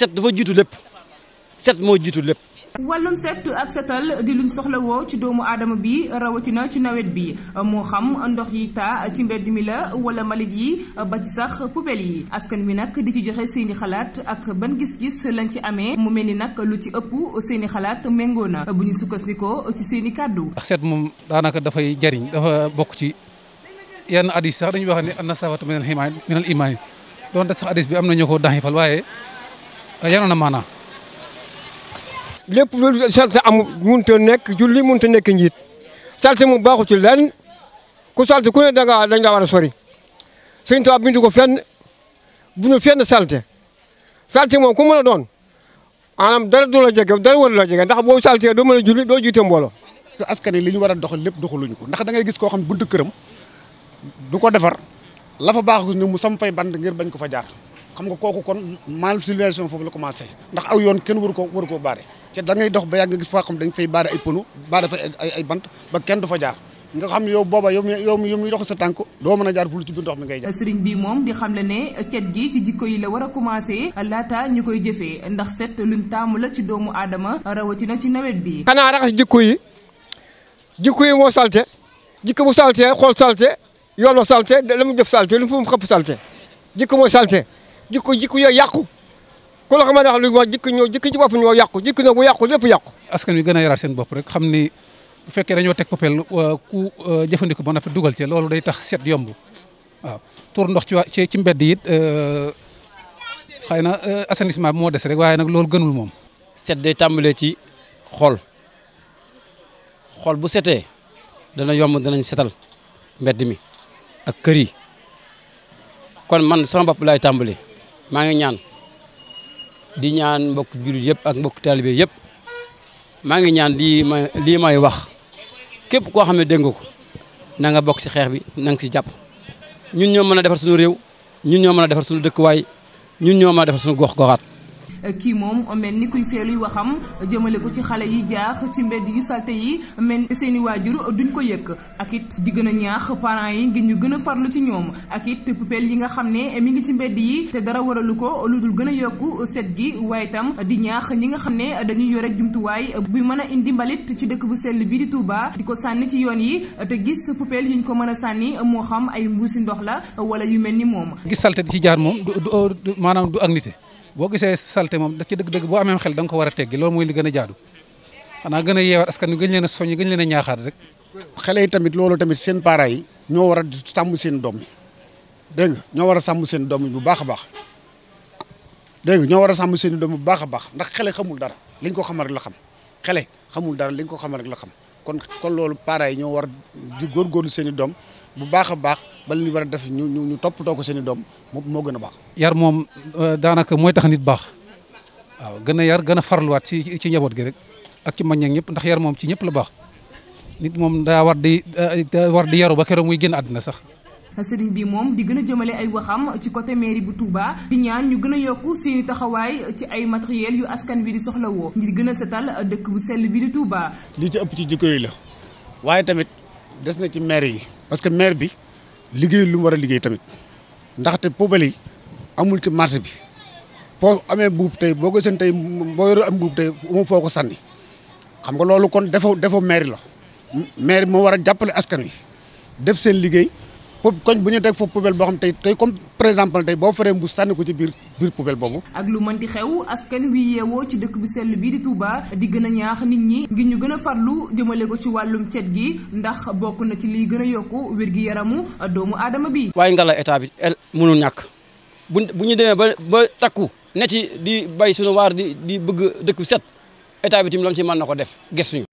set dafa jiitu lépp set moo jiitu lépp. wàllum set ak setal di luñ soxlawoo ci doomu aadama bi rawatina ci nawet bi moo xam ndox yi taa ci mbedd mi la wala mbalit yi ba ci sax poubelle yi askan wi nag di ci joxe seeni xalaat ak ban gis-gis lañ ci amee mu mel ni nag lu ci ëpp seeni xalaat méngoo na bu ñu sukkandikoo ci seeni kàddu. ndax set moom daanaka dafay jariñ dafa bokk ci yenn hadis sax dañu wax ne an-nazaafatu minal iimaan minal iimaan sax hadis am na ñoo Eh, yanoon na maanaam. lépp lu salte am mënut a nekk julli mënut a nekk njiit salte mu baaxu ci lenn ku salte ku ne dangaa dañ la war a sori Sëñ Tuubaa bindu ko fenn bu fenn salte salte moom ku mën a doon maanaam dara du la jege dara war la jege ndax boo saltee doo mën a julli doo jiite mboolo askan wi li ñu war a doxal lépp doxaluñu ko ndax da ngay gis koo xam buntu këram du ko defar la fa baaxul ne mu sam fay band ngir bañ ko fa jaar. xam nga kooku kon mal civilisation foofu la commencé ndax aw yoon kenn waru ko waru koo baare te da ngay dox ba yàgg nga gis foo xam dañ fay baare ay pono baare fa ay ay bant ba kenn du fa jaar nga xam ne yow booba yow yow yow muy dox sa tànk doo mën a jaar fulu ci biir ndox mi ngay jaar sëriñ bi moom di xam le ne cet gi ci jikko war a commencé laata ñu koy jëfee ndax set luñ taamu la ci doomu aadama rawatina ci nawet bi xanaa raxas jikko yi jikko yi moo salte jikko bu salte xool salte yoon wa salte la mu jëf salte lu mu fu mu xëpp salte jikko mooy salte jikko jikko yooyu yàqu ku la xamante ne lu ma jikko ñoo jikko ci bopp ñoo yàqu jikko ñoo bu yàqu lépp yàqu askan wi gën a yaraat seen bopp rek xam ni bu fekkee dañoo teg popel euh, ku euh, jëfandikoo ba na fa dugal ci loolu day tax set yomb waaw tuur ndox ci waa ci mbedd yi it euh, xëy na assainissement bi moo des rek waaye nag loolu gënul moom set day tàmbalee ci xol xol bu setee dana yomb danañ setal mbedd mi ak kër yi kon man sama bopp laay tàmbalee maa ngi ñaan di ñaan mbokk jullit yëpp ak mbokk taalibe yëpp maa ngi ñaan di may lii may wax képp koo xam ne dégg nga ko na nga bokk si xeex bi na nga ci jàpp ñun ñoo mën a defar suñu réew ñun ñoo mën a defar suñu dëkkuwaay ñun ñoo mën a defar suñu gox goxaat kii moom mel ni kuy feeluy waxam jëmale ko ci xale yi jaax ci mbedd yu salte yi mel seen i waajur duñ ko yëkk ak it di gën a ñaax parent yi ngir ñu gën a farlu ci ñoom ak it poubelle yi nga xam ne mi ngi ci mbedd yi te dara waralu ko lu dul gën a yokku set gi waaye itam di ñaax ñi nga xam ne dañuy yore jumtuwaay buy mën a indi mbalit ci dëkk bu sell bi di Touba di ko sànni ci yoon yi te gis poubelle yuñ ko mën a sànni moo xam ay mbuusi ndox la wala yu mel ni moom. gis salte di ci jaar moom du maanaam du ak boo gisee salte moom da ci dëgg-dëgg boo amee xel da nga ko war a teggi loolu mooy li gën a jaadu xanaa gën a yeewar askan wi gën leen a soññi gën leen a ñaaxaat rek xale yi tamit loolu tamit seen parents yi ñoo war a sàmm seen doom yi dégg ñoo war a sàmm seen doom bu baax a baax dégg ñoo war a sàmm seen doom bu baax a baax ndax xale xamul dara lañ ko xamal rek la xam xale xamul dara liñ ko xamal rek la xam kon kon loolu parents ñoo war di góorgóorlu seen i doom bu baax a baax bala ñu war a def ñu ñu ñu toppatoo ko seen i doom moom moo gën a baax. yar moom euh, daanaka mooy tax nit baax waaw gën a yar gën a farluwaat si ci njaboot gi rek ak ci mag ñeeg ñëpp ndax yar moom ci ñëpp la baax nit moom daa war di euh, war di yaru ba keroog muy a àddina sax. sëriñ bi moom di gën a jëmale ay waxam ci côté mairie bu Touba di ñaan ñu gën a yokk seeni taxawaay ci ay matériel yu askan wi di soxlawoo ngir gën a setal dëkk bu sell bi di Touba. li ci ëpp ci jikko yi la waaye tamit des na ci maire yi parce que maire bi liggéey lu mu war a liggéey tamit ndaxte poubelle yi amul ci marché bi foo amee buub tey boo ko seen tey boo yoree am buub tey moom foo ko sànni xam nga loolu kon defoo defoo maire la maire moo war a jàppale askan wi def seen liggéey. koñ bu ñu teg foofu poubelle boo xam tey tey comme par exemple tey boo faree mbuus sànni ko ci biir biir poubelle boobu. ak lu mën di xew askan wi yeewoo ci dëkk bi sell bii di Touba di gën a ñaax nit ñi ngir ñu gën a farlu jëmale ko ci wàllum cet gi ndax bokk na ci liy gën a yokku wér gi yaramu doomu aadama bi. waaye ngala état bi el mënul ñàkk bu bu ñu demee ba ba takku ne ci di bay suñu waar di di bëgg dëkk set état bi tamit lam ci mën na ko def gëstuñu